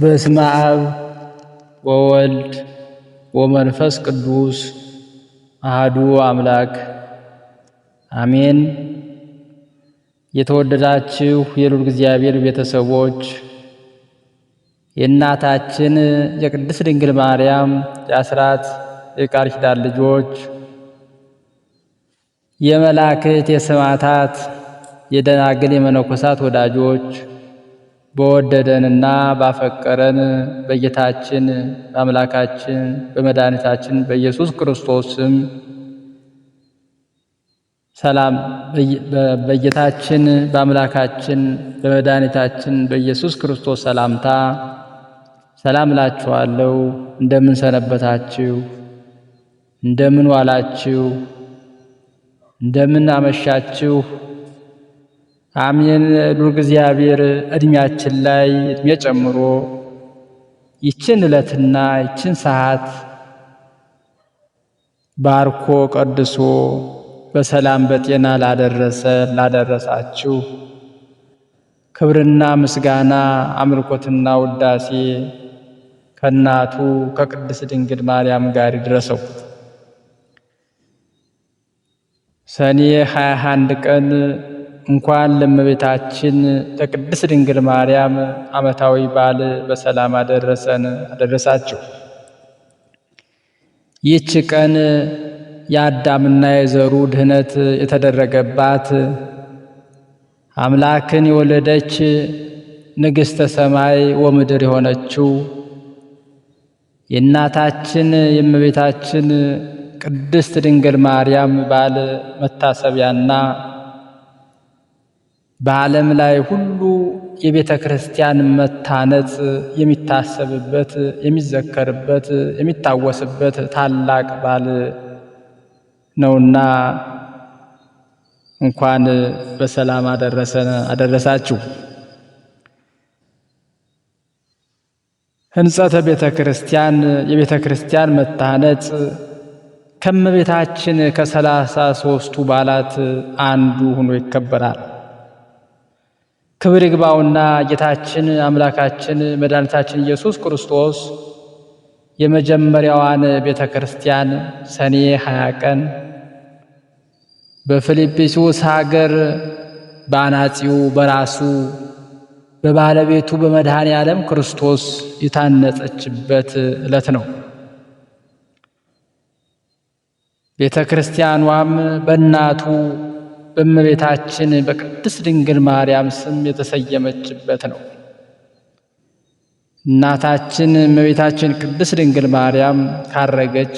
በስመ አብ ወወልድ ወመንፈስ ቅዱስ አህዱ አምላክ አሜን። የተወደዳችሁ የልዑል እግዚአብሔር ቤተሰቦች የእናታችን የቅድስት ድንግል ማርያም የአስራት የቃል ኪዳን ልጆች የመላእክት የሰማዕታት የደናግል የመነኮሳት ወዳጆች በወደደንና ባፈቀረን በጌታችን በአምላካችን በመድኃኒታችን በኢየሱስ ክርስቶስም ሰላም በጌታችን በአምላካችን በመድኃኒታችን በኢየሱስ ክርስቶስ ሰላምታ ሰላም እላችኋለሁ። እንደምን ሰነበታችሁ? እንደምን ዋላችሁ? እንደምን አመሻችሁ? አሜን። ዱር እግዚአብሔር እድሜያችን ላይ እድሜ ጨምሮ ይችን ዕለትና ይችን ሰዓት ባርኮ ቀድሶ በሰላም በጤና ላደረሰ ላደረሳችሁ ክብርና ምስጋና አምልኮትና ውዳሴ ከእናቱ ከቅድስት ድንግል ማርያም ጋር ይድረሰው። ሰኔ 21 ቀን እንኳን ለእመቤታችን ለቅድስት ድንግል ማርያም ዓመታዊ በዓል በሰላም አደረሰን አደረሳችሁ። ይህች ቀን የአዳምና የዘሩ ድህነት የተደረገባት አምላክን የወለደች ንግሥተ ሰማይ ወምድር የሆነችው የእናታችን የእመቤታችን ቅድስት ድንግል ማርያም በዓል መታሰቢያና በዓለም ላይ ሁሉ የቤተ ክርስቲያን መታነጽ የሚታሰብበት፣ የሚዘከርበት፣ የሚታወስበት ታላቅ በዓል ነውና እንኳን በሰላም አደረሰን አደረሳችሁ። ሕንጸተ ቤተ ክርስቲያን የቤተ ክርስቲያን መታነጽ ከእመቤታችን ከሰላሳ ሶስቱ በዓላት አንዱ ሆኖ ይከበራል። ክብር ይግባውና ጌታችን አምላካችን መድኃኒታችን ኢየሱስ ክርስቶስ የመጀመሪያዋን ቤተ ክርስቲያን ሰኔ ሀያ ቀን በፊልጵስዩስ ሀገር በአናጺው በራሱ በባለቤቱ በመድኃኔ ዓለም ክርስቶስ የታነጸችበት ዕለት ነው። ቤተ ክርስቲያኗም በእናቱ በእመቤታችን በቅድስት ድንግል ማርያም ስም የተሰየመችበት ነው። እናታችን እመቤታችን ቅድስት ድንግል ማርያም ካረገች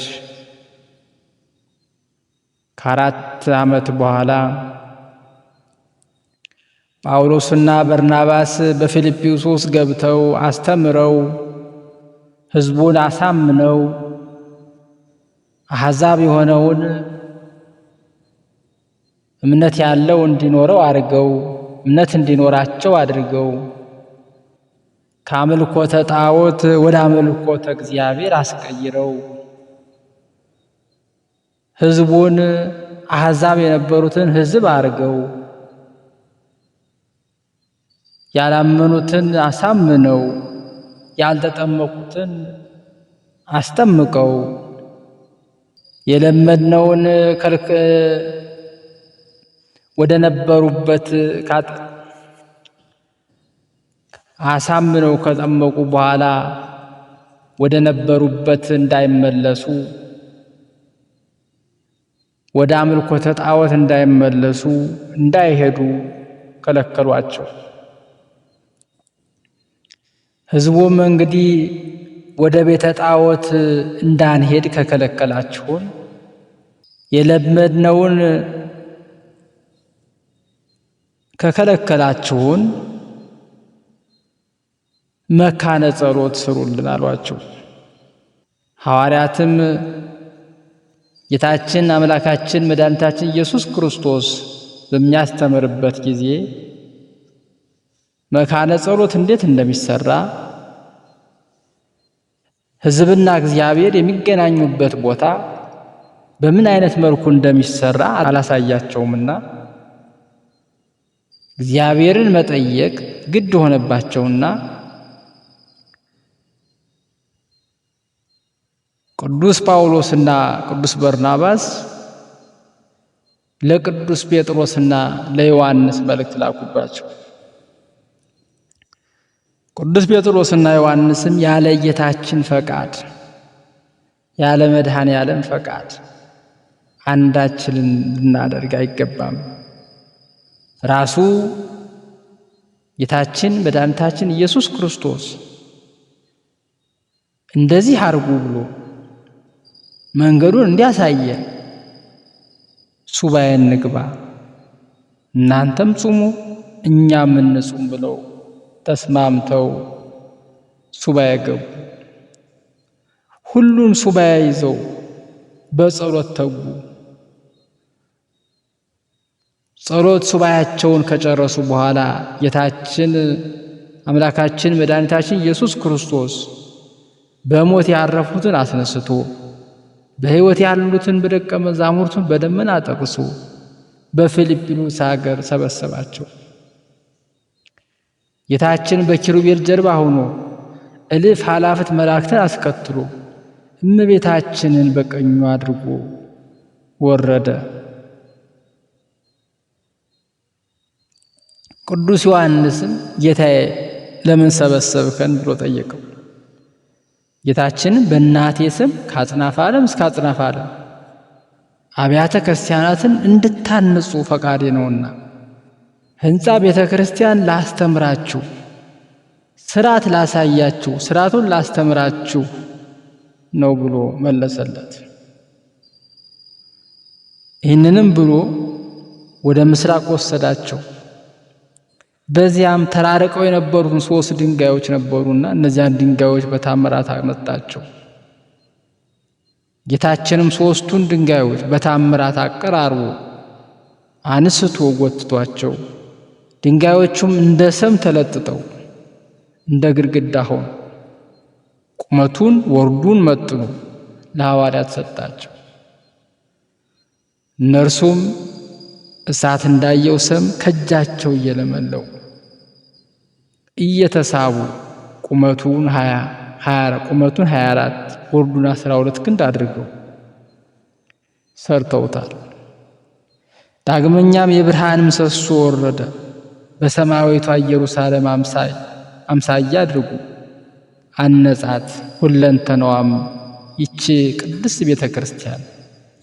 ከአራት ዓመት በኋላ ጳውሎስና በርናባስ በፊልጵስዩስ ገብተው አስተምረው ሕዝቡን አሳምነው አሕዛብ የሆነውን እምነት ያለው እንዲኖረው አድርገው እምነት እንዲኖራቸው አድርገው ከአምልኮተ ጣዖት ወደ አምልኮተ እግዚአብሔር አስቀይረው ህዝቡን አሕዛብ የነበሩትን ህዝብ አድርገው ያላመኑትን አሳምነው ያልተጠመቁትን አስጠምቀው የለመድነውን ወደ ነበሩበት አሳምነው ከጠመቁ በኋላ ወደ ነበሩበት እንዳይመለሱ ወደ አምልኮተ ጣዖት እንዳይመለሱ እንዳይሄዱ ከለከሏቸው። ሕዝቡም እንግዲህ ወደ ቤተ ጣዖት እንዳንሄድ ከከለከላችሁን የለመድነውን ከከለከላችሁን መካነ ጸሎት ስሩልን አሏቸው። ሐዋርያትም ጌታችን አምላካችን መድኃኒታችን ኢየሱስ ክርስቶስ በሚያስተምርበት ጊዜ መካነ ጸሎት እንዴት እንደሚሰራ ሕዝብና እግዚአብሔር የሚገናኙበት ቦታ በምን አይነት መልኩ እንደሚሰራ አላሳያቸውምና እግዚአብሔርን መጠየቅ ግድ ሆነባቸውና ቅዱስ ጳውሎስና ቅዱስ በርናባስ ለቅዱስ ጴጥሮስና ለዮሐንስ መልእክት ላኩባቸው። ቅዱስ ጴጥሮስና ዮሐንስም ያለ ጌታችን ፈቃድ ያለ መድኃኔ ዓለም ፈቃድ አንዳችንን ልናደርግ አይገባም። ራሱ ጌታችን መድኃኒታችን ኢየሱስ ክርስቶስ እንደዚህ አርጉ ብሎ መንገዱን እንዲያሳየ ሱባኤን ንግባ እናንተም ጹሙ እኛም እንጹም ብለው ተስማምተው ሱባኤ ገቡ። ሁሉን ሱባኤ ይዘው በጸሎት ተጉ። ጸሎት ሱባያቸውን ከጨረሱ በኋላ ጌታችን አምላካችን መድኃኒታችን ኢየሱስ ክርስቶስ በሞት ያረፉትን አስነስቶ በሕይወት ያሉትን በደቀ መዛሙርቱን በደመና ጠቅሶ በፊልጵኑስ አገር ሰበሰባቸው። ጌታችን በኪሩቤል ጀርባ ሆኖ እልፍ ኃላፍት መላእክትን አስከትሎ እመቤታችንን በቀኙ አድርጎ ወረደ። ቅዱስ ዮሐንስም ጌታዬ ለምን ሰበሰብከን ብሎ ጠየቀው። ጌታችን በእናቴ ስም ከአጽናፈ ዓለም እስከ አጽናፈ ዓለም አብያተ ክርስቲያናትን እንድታንጹ ፈቃዴ ነውና ሕንፃ ቤተ ክርስቲያን ላስተምራችሁ፣ ስርዓት ላሳያችሁ፣ ስርዓቱን ላስተምራችሁ ነው ብሎ መለሰለት። ይህንንም ብሎ ወደ ምስራቅ ወሰዳቸው። በዚያም ተራርቀው የነበሩን ሶስት ድንጋዮች ነበሩና እነዚያን ድንጋዮች በታምራት አመጣቸው። ጌታችንም ሶስቱን ድንጋዮች በታምራት አቀራርቦ አንስቶ ጎትቷቸው ድንጋዮቹም እንደ ሰም ተለጥጠው እንደ ግድግዳ ሆኑ። ቁመቱን ወርዱን መጥኑ ለሐዋርያት ሰጣቸው። እነርሱም እሳት እንዳየው ሰም ከእጃቸው እየለመለው እየተሳቡ ቁመቱን 24 ቁመቱን 24 ወርዱን 12 ክንድ አድርገው ሰርተውታል። ዳግመኛም የብርሃን ምሰሶ ወረደ። በሰማያዊቷ ኢየሩሳሌም አምሳያ አድርጉ አነጻት። ሁለንተናዋም ይቺ ቅድስት ቤተ ክርስቲያን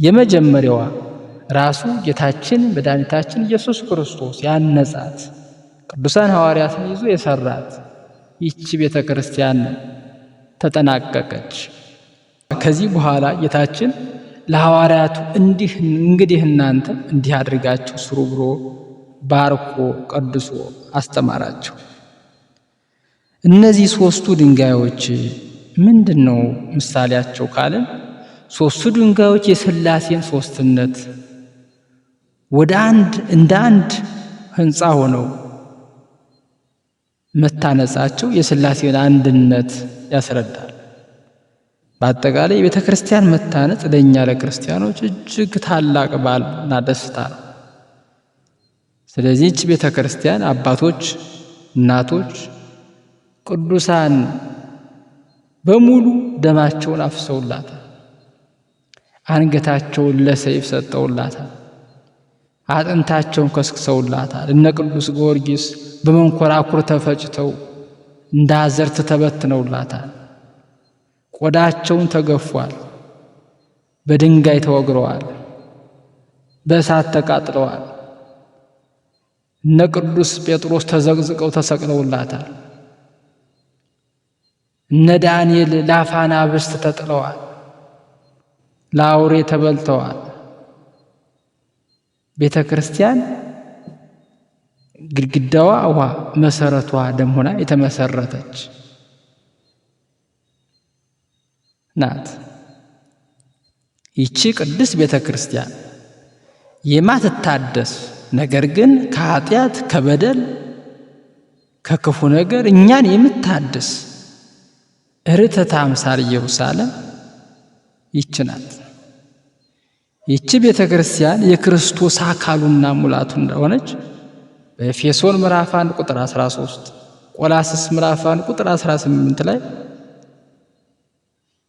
የመጀመሪያዋ ራሱ ጌታችን መድኃኒታችን ኢየሱስ ክርስቶስ ያነጻት ቅዱሳን ሐዋርያትን ይዞ የሰራት ይቺ ቤተ ክርስቲያን ተጠናቀቀች። ከዚህ በኋላ ጌታችን ለሐዋርያቱ እንዲህ እንግዲህ እናንተ እንዲህ አድርጋችሁ ስሩ ብሎ ባርኮ ቀድሶ አስተማራቸው። እነዚህ ሶስቱ ድንጋዮች ምንድን ነው ምሳሌያቸው ካልን ሶስቱ ድንጋዮች የሥላሴን ሶስትነት ወደ አንድ እንደ አንድ ህንፃ ሆነው መታነጻቸው የሥላሴን አንድነት ያስረዳል። በአጠቃላይ የቤተ ክርስቲያን መታነጽ ለእኛ ለክርስቲያኖች እጅግ ታላቅ በዓልና ደስታ ነው። ስለዚህች ቤተ ክርስቲያን አባቶች፣ እናቶች፣ ቅዱሳን በሙሉ ደማቸውን አፍሰውላታል። አንገታቸውን ለሰይፍ ሰጠውላታል። አጥንታቸውን ከስክሰውላታል። እነ ቅዱስ ጊዮርጊስ በመንኮራኩር ተፈጭተው እንደ አዘርት ተበትነውላታል። ቆዳቸውን ተገፏል። በድንጋይ ተወግረዋል። በእሳት ተቃጥለዋል። እነ ቅዱስ ጴጥሮስ ተዘቅዝቀው ተሰቅለውላታል። እነ ዳንኤል ላፋና ብስት ተጥለዋል። ለአውሬ ተበልተዋል። ቤተ ክርስቲያን ግድግዳዋ ውሃ መሰረቷ ደም ሆና የተመሰረተች ናት። ይቺ ቅድስት ቤተ ክርስቲያን የማትታደስ ነገር ግን ከኃጢአት ከበደል ከክፉ ነገር እኛን የምታድስ ርትዕተ አምሳል ኢየሩሳሌም ይች ናት። ይቺ ቤተ ክርስቲያን የክርስቶስ አካሉና ሙላቱ እንደሆነች በኤፌሶን ምዕራፍ 1 ቁጥር 13 ቆላስስ ምዕራፍ 1 ቁጥር 18 ላይ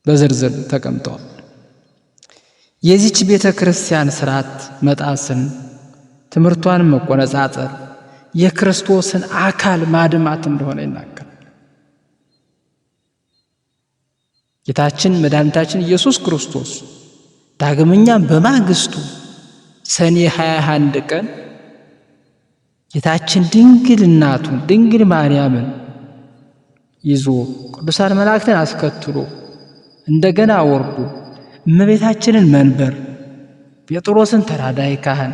በዝርዝር ተቀምጠዋል። የዚች ቤተ ክርስቲያን ስርዓት መጣስን፣ ትምህርቷን መቆነጻጸር የክርስቶስን አካል ማድማት እንደሆነ ይናገራል። ጌታችን መድኃኒታችን ኢየሱስ ክርስቶስ ዳግመኛም በማግስቱ ሰኔ 21 ቀን ጌታችን ድንግል እናቱን ድንግል ማርያምን ይዞ ቅዱሳን መላእክትን አስከትሎ እንደገና ወርዶ እመቤታችንን መንበር ጴጥሮስን ተራዳይ ካህን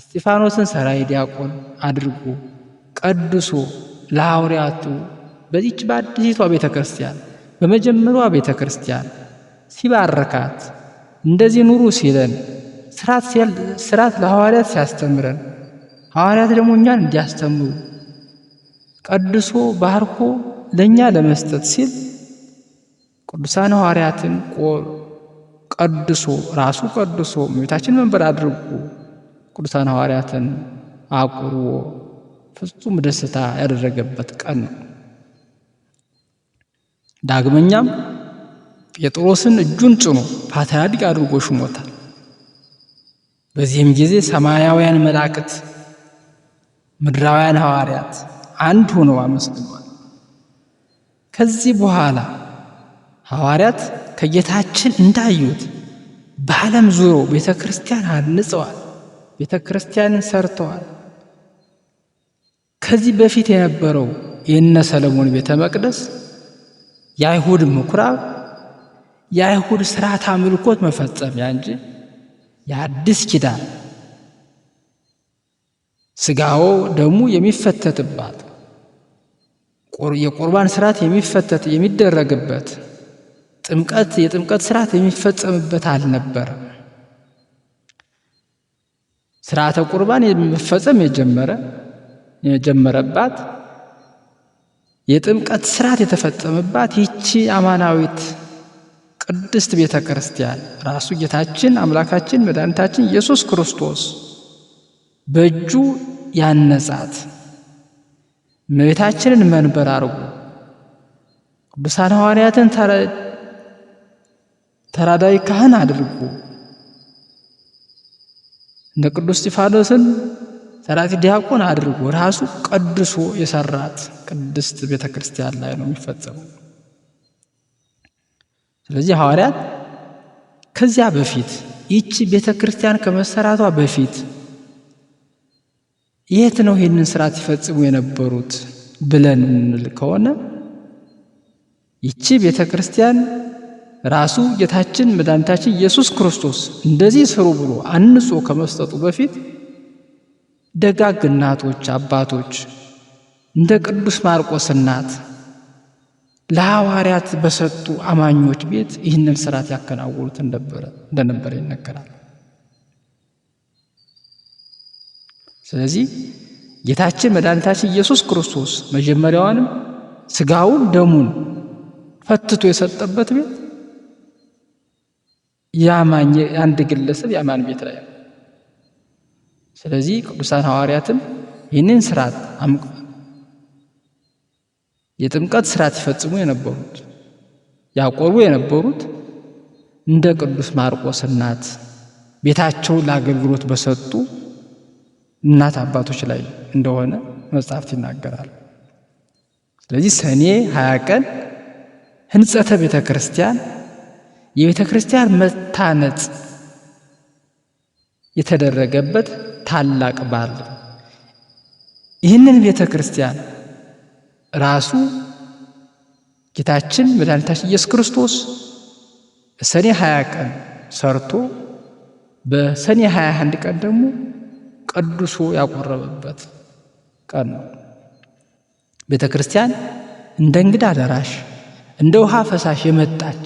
እስጢፋኖስን ሰራይ ዲያቆን አድርጎ ቀድሶ ለሐዋርያቱ በዚች በአዲሲቷ ቤተ ክርስቲያን በመጀመሪያዋ ቤተ ክርስቲያን ሲባረካት እንደዚህ ኑሩ ሲለን ስርዓት ለሐዋርያት ሲያስተምረን ሐዋርያት ደግሞ እኛን እንዲያስተምሩ ቀድሶ ባርኮ ለእኛ ለመስጠት ሲል ቅዱሳን ሐዋርያትን ቀድሶ ራሱ ቀድሶ እመቤታችን መንበር አድርጎ ቅዱሳን ሐዋርያትን አቁርቦ ፍጹም ደስታ ያደረገበት ቀን ነው። ዳግመኛም ጴጥሮስን እጁን ጭኖ ፓትርያርክ አድርጎ ሹሞታል። በዚህም ጊዜ ሰማያውያን መላእክት ምድራውያን ሐዋርያት አንድ ሆነው አመስግኗል። ከዚህ በኋላ ሐዋርያት ከጌታችን እንዳዩት በዓለም ዙሮ ቤተ ክርስቲያን አንጸዋል። ቤተ ክርስቲያንን ሰርተዋል። ከዚህ በፊት የነበረው የነ ሰለሞን ቤተ መቅደስ የአይሁድ ምኩራብ የአይሁድ ስርዓት አምልኮት መፈጸሚያ እንጂ የአዲስ ኪዳን ስጋው ደሙ የሚፈተትባት የቁርባን ስርዓት የሚፈተት የሚደረግበት ጥምቀት የጥምቀት ስርዓት የሚፈጸምበት አልነበረም። ስርዓተ ቁርባን የሚፈጸም የጀመረ የጀመረባት የጥምቀት ስርዓት የተፈጸመባት ይቺ አማናዊት ቅድስት ቤተ ክርስቲያን ራሱ ጌታችን አምላካችን መድኃኒታችን ኢየሱስ ክርስቶስ በእጁ ያነጻት መቤታችንን መንበር አርጎ ቅዱሳን ሐዋርያትን ተራዳዊ ካህን አድርጎ እንደ ቅዱስ እስጢፋኖስን ሰራቲ ዲያቆን አድርጎ ራሱ ቀድሶ የሰራት ቅድስት ቤተ ክርስቲያን ላይ ነው የሚፈጸመው። ስለዚህ ሐዋርያት ከዚያ በፊት ይቺ ቤተ ክርስቲያን ከመሰራቷ በፊት የት ነው ይህንን ስርዓት ሲፈጽሙ የነበሩት ብለን እንል ከሆነ ይቺ ቤተ ክርስቲያን ራሱ ጌታችን መድኃኒታችን ኢየሱስ ክርስቶስ እንደዚህ ስሩ ብሎ አንጾ ከመስጠቱ በፊት ደጋግ እናቶች፣ አባቶች እንደ ቅዱስ ማርቆስ እናት ለሐዋርያት በሰጡ አማኞች ቤት ይህንን ስርዓት ያከናውኑት እንደነበረ ይነገራል። ስለዚህ ጌታችን መድኃኒታችን ኢየሱስ ክርስቶስ መጀመሪያዋንም ስጋውን ደሙን ፈትቶ የሰጠበት ቤት የአንድ አንድ ግለሰብ የአማን ቤት ላይ ነው። ስለዚህ ቅዱሳን ሐዋርያትም ይህንን ስርዓት የጥምቀት ስርዓት ሲፈጽሙ የነበሩት ያቆሩ የነበሩት እንደ ቅዱስ ማርቆስ እናት ቤታቸውን ለአገልግሎት በሰጡ እናት አባቶች ላይ እንደሆነ መጽሐፍት ይናገራል። ስለዚህ ሰኔ ሀያ ቀን ህንጸተ ቤተ ክርስቲያን የቤተ ክርስቲያን መታነጽ የተደረገበት ታላቅ በዓል ይህንን ቤተ ክርስቲያን ራሱ ጌታችን መድኃኒታችን ኢየሱስ ክርስቶስ ሰኔ 20 ቀን ሰርቶ በሰኔ 21 ቀን ደግሞ ቀድሶ ያቆረበበት ቀን ነው። ቤተ ክርስቲያን እንደ እንግዳ ደራሽ እንደ ውሃ ፈሳሽ የመጣች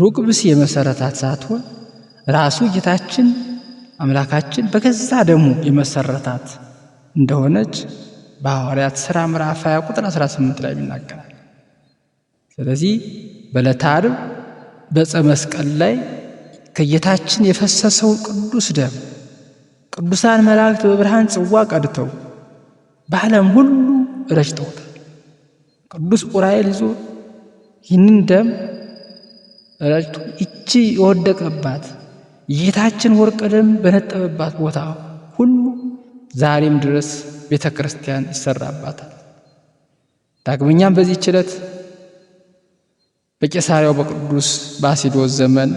ሩቅ ብስ የመሰረታት ሳትሆን ራሱ ጌታችን አምላካችን በገዛ ደሙ የመሰረታት እንደሆነች በሐዋርያት ሥራ ምዕራፍ 20 ቁጥር 18 ላይ ይናገራል። ስለዚህ በዕለተ ዓርብ በዕፀ መስቀል ላይ ከጌታችን የፈሰሰው ቅዱስ ደም ቅዱሳን መላእክት በብርሃን ጽዋ ቀድተው በዓለም ሁሉ ረጭተውታል። ቅዱስ ዑራኤል ይዞ ይህንን ደም ረጭቶ እቺ የወደቀባት የጌታችን ወርቀ ደም በነጠበባት ቦታ ሁሉ ዛሬም ድረስ ቤተ ክርስቲያን ይሰራባታል። ዳግመኛም በዚህ ችለት በቄሳሪያው በቅዱስ በአሲዶስ ዘመን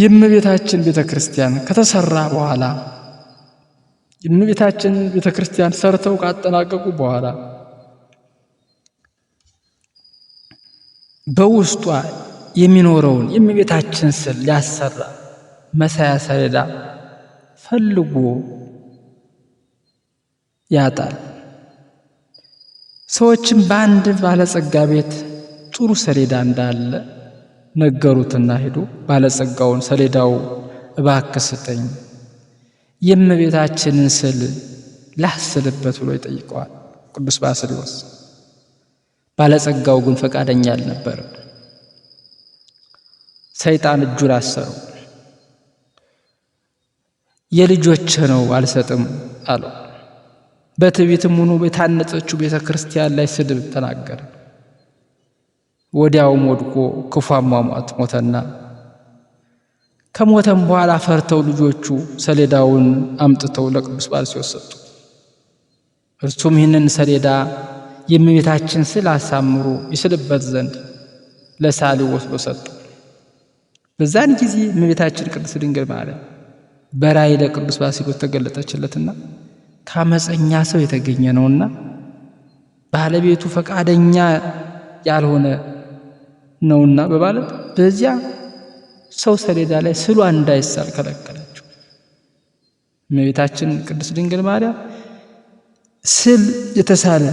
የእመቤታችን ቤተ ክርስቲያን ከተሰራ በኋላ የእመቤታችን ቤተ ክርስቲያን ሰርተው ካጠናቀቁ በኋላ በውስጧ የሚኖረውን የእመቤታችን ስል ሊያሰራ መሳያ ሰሌዳ ፈልጎ ያጣል። ሰዎችም በአንድ ባለጸጋ ቤት ጥሩ ሰሌዳ እንዳለ ነገሩትና ሄዱ ባለጸጋውን ሰሌዳው እባክህ ስጠኝ የእመቤታችንን ስል ላስልበት ብሎ ይጠይቀዋል ቅዱስ ባስልዮስ። ባለጸጋው ግን ፈቃደኛ አልነበረም። ሰይጣን እጁን አሰረው። የልጆች ነው አልሰጥም አለው። በትዕቢትም ሆኖ የታነጸችው ቤተ ክርስቲያን ላይ ስድብ ተናገረ። ወዲያውም ወድቆ ክፉ አሟሟት ሞተና ከሞተም በኋላ ፈርተው ልጆቹ ሰሌዳውን አምጥተው ለቅዱስ ባልሲዮስ ሰጡ። እርሱም ይህንን ሰሌዳ የእመቤታችን ስዕል አሳምሮ ይስልበት ዘንድ ለሳሊ ወስዶ ሰጡ። በዛን ጊዜ እመቤታችን ቅድስት ድንግል ማርያም በራእይ ለቅዱስ ባልሲዮስ ተገለጠችለትና ከአመፀኛ ሰው የተገኘ ነውና ባለቤቱ ፈቃደኛ ያልሆነ ነውና በማለት በዚያ ሰው ሰሌዳ ላይ ስሏ እንዳይሳል ከለከላቸው። እመቤታችን ቅድስት ድንግል ማርያም ስል የተሳለ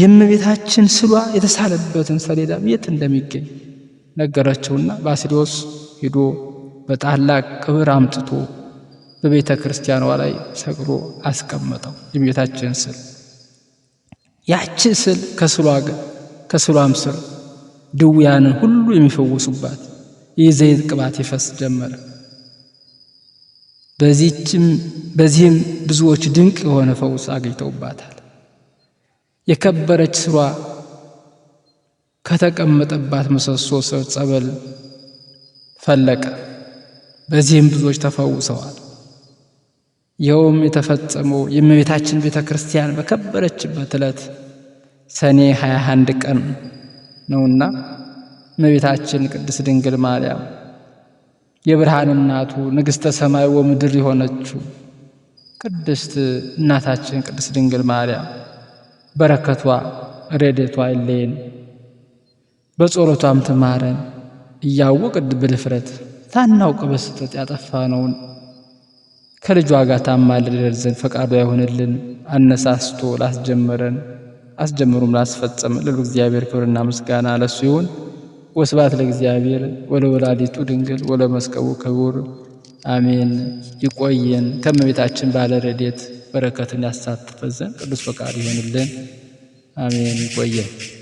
የእመቤታችን ስሏ የተሳለበትን ሰሌዳ የት እንደሚገኝ ነገረችውና ባሲሊዮስ ሄዶ በታላቅ ክብር አምጥቶ በቤተ ክርስቲያኗ ላይ ሰቅሎ አስቀመጠው። የቤታችን ስል ያቺ ስል ከስሏ ከስሏም ስር ድውያንን ሁሉ የሚፈውሱባት የዘይት ቅባት ይፈስ ጀመረ። በዚህም ብዙዎች ድንቅ የሆነ ፈውስ አግኝተውባታል። የከበረች ስሯ ከተቀመጠባት ምሰሶ ስር ጸበል ፈለቀ። በዚህም ብዙዎች ተፈውሰዋል። ይኸውም የተፈጸመው የእመቤታችን ቤተ ክርስቲያን በከበረችበት ዕለት ሰኔ 21 ቀን ነውና እመቤታችን ቅድስት ድንግል ማርያም የብርሃን እናቱ ንግሥተ ሰማይ ወምድር የሆነችው ቅድስት እናታችን ቅድስት ድንግል ማርያም በረከቷ ረድኤቷ አይለየን፣ በጸሎቷም ትማረን። እያወቅን ብድፍረት ሳናውቅ በስህተት ያጠፋነውን ከልጇ ጋር ታማልደን ዘንድ ፈቃዱ አይሆንልን። አነሳስቶ ላስጀመረን አስጀምሩም ላስፈጸመ ለሉ እግዚአብሔር ክብርና ምስጋና ለሱ ይሁን። ወስባት ለእግዚአብሔር ወለወላዲቱ ድንግል ወለመስቀሉ ክቡር አሜን። ይቆየን። ከእመቤታችን ባለ ረድኤት በረከትን ያሳትፈን ዘንድ ቅዱስ ፈቃዱ ይሆንልን። አሜን። ይቆየን።